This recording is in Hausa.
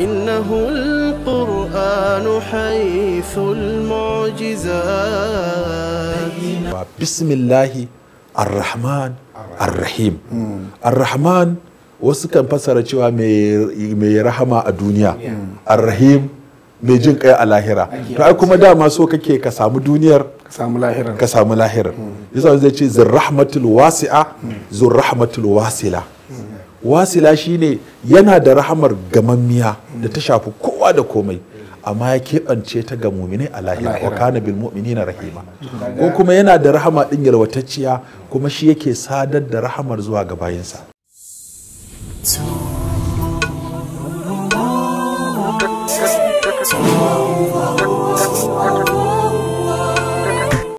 إنه القرآن حيث المعجزات بسم الله الرحمن الرحيم الرحمن wasu kan fassara cewa mai rahama a duniya arrahim mai jin kai a lahira ta kuma dama so kake ka samu duniyar ka samu lahirar yasa zai ce zirrahmatul wasi'a zirrahmatul wasila wasila shine yana da rahamar gamammiya da ta shafi kowa da komai amma ya keɓance ta ga muminai a lahira wa kana bil rahima ko kuma yana da rahama ɗin yalwatacciya kuma shi yake sadar da rahamar zuwa ga bayinsa.